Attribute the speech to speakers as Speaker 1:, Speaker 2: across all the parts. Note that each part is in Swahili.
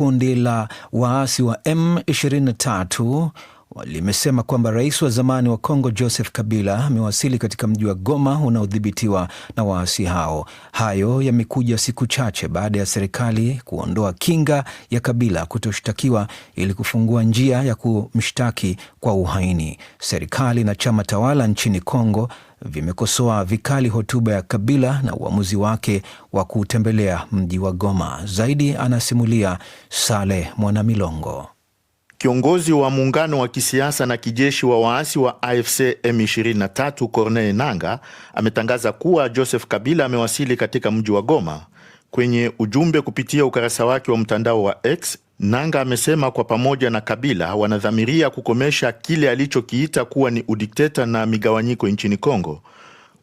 Speaker 1: kundi la waasi wa M23 limesema kwamba rais wa zamani wa Kongo Joseph Kabila amewasili katika mji wa Goma unaodhibitiwa na waasi hao. Hayo yamekuja siku chache baada ya serikali kuondoa kinga ya Kabila kutoshtakiwa ili kufungua njia ya kumshtaki kwa uhaini. Serikali na chama tawala nchini Kongo vimekosoa vikali hotuba ya Kabila na uamuzi wake wa kutembelea mji wa Goma. Zaidi anasimulia Saleh Mwanamilongo.
Speaker 2: Kiongozi wa muungano wa kisiasa na kijeshi wa waasi wa AFC M23 Corneille nanga ametangaza kuwa Joseph Kabila amewasili katika mji wa Goma. Kwenye ujumbe kupitia ukurasa wake wa mtandao wa X, nanga amesema kwa pamoja na Kabila wanadhamiria kukomesha kile alichokiita kuwa ni udikteta na migawanyiko nchini Kongo.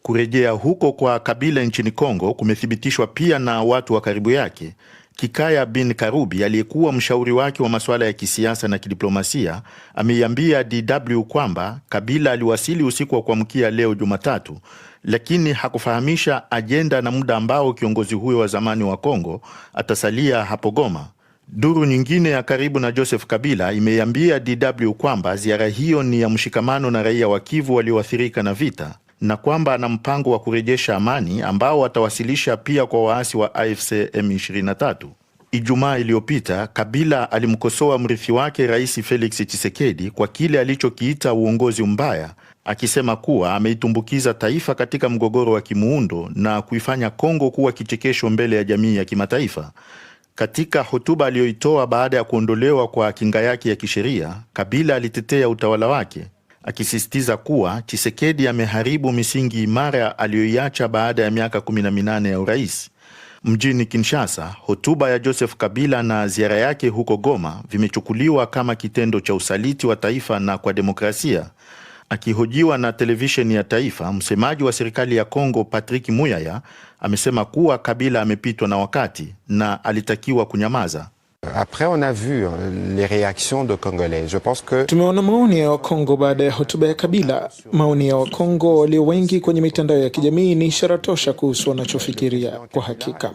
Speaker 2: Kurejea huko kwa Kabila nchini Kongo kumethibitishwa pia na watu wa karibu yake. Kikaya bin Karubi aliyekuwa mshauri wake wa masuala ya kisiasa na kidiplomasia ameiambia DW kwamba Kabila aliwasili usiku wa kuamkia leo Jumatatu, lakini hakufahamisha ajenda na muda ambao kiongozi huyo wa zamani wa Kongo atasalia hapo Goma. Duru nyingine ya karibu na Joseph Kabila imeiambia DW kwamba ziara hiyo ni ya mshikamano na raia wa Kivu walioathirika na vita na kwamba ana mpango wa kurejesha amani ambao watawasilisha pia kwa waasi wa AFC M23. Ijumaa iliyopita Kabila alimkosoa mrithi wake Rais Felix Tshisekedi kwa kile alichokiita uongozi mbaya, akisema kuwa ameitumbukiza taifa katika mgogoro wa kimuundo na kuifanya Kongo kuwa kichekesho mbele ya jamii ya kimataifa. Katika hotuba aliyoitoa baada ya kuondolewa kwa kinga yake ya kisheria, Kabila alitetea utawala wake akisisitiza kuwa Chisekedi ameharibu misingi imara aliyoiacha baada ya miaka 18 ya urais. Mjini Kinshasa, hotuba ya Joseph Kabila na ziara yake huko Goma vimechukuliwa kama kitendo cha usaliti wa taifa na kwa demokrasia. Akihojiwa na televisheni ya taifa, msemaji wa serikali ya Kongo Patrick Muyaya amesema kuwa Kabila amepitwa na wakati na alitakiwa kunyamaza.
Speaker 3: Après, on a vu euh, les réactions de Congolais. Je pense que
Speaker 4: tumeona maoni ya Wakongo baada ya hotuba ya Kabila. Maoni ya Wakongo walio wengi kwenye mitandao ya kijamii ni ishara tosha kuhusu wanachofikiria. Kwa hakika,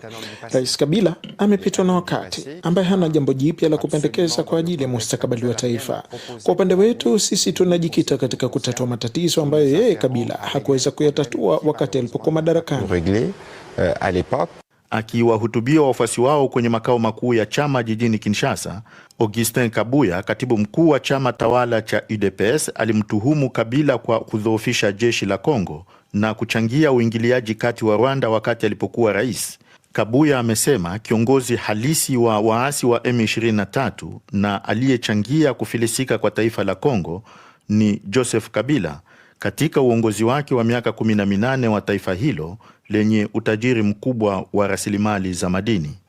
Speaker 4: Rais Kabila amepitwa na wakati, ambaye hana jambo jipya la kupendekeza kwa ajili ya mustakabali wa taifa. Kwa upande wetu sisi, tunajikita katika kutatua matatizo ambayo yeye Kabila hakuweza kuyatatua wakati alipokuwa madarakani.
Speaker 2: Akiwahutubia wafuasi wao kwenye makao makuu ya chama jijini Kinshasa, Augustin Kabuya, katibu mkuu wa chama tawala cha UDPS, alimtuhumu Kabila kwa kudhoofisha jeshi la Kongo na kuchangia uingiliaji kati wa Rwanda wakati alipokuwa rais. Kabuya amesema kiongozi halisi wa waasi wa M23 na aliyechangia kufilisika kwa taifa la Kongo ni Joseph Kabila katika uongozi wake wa miaka 18 wa taifa hilo lenye utajiri mkubwa wa rasilimali za madini.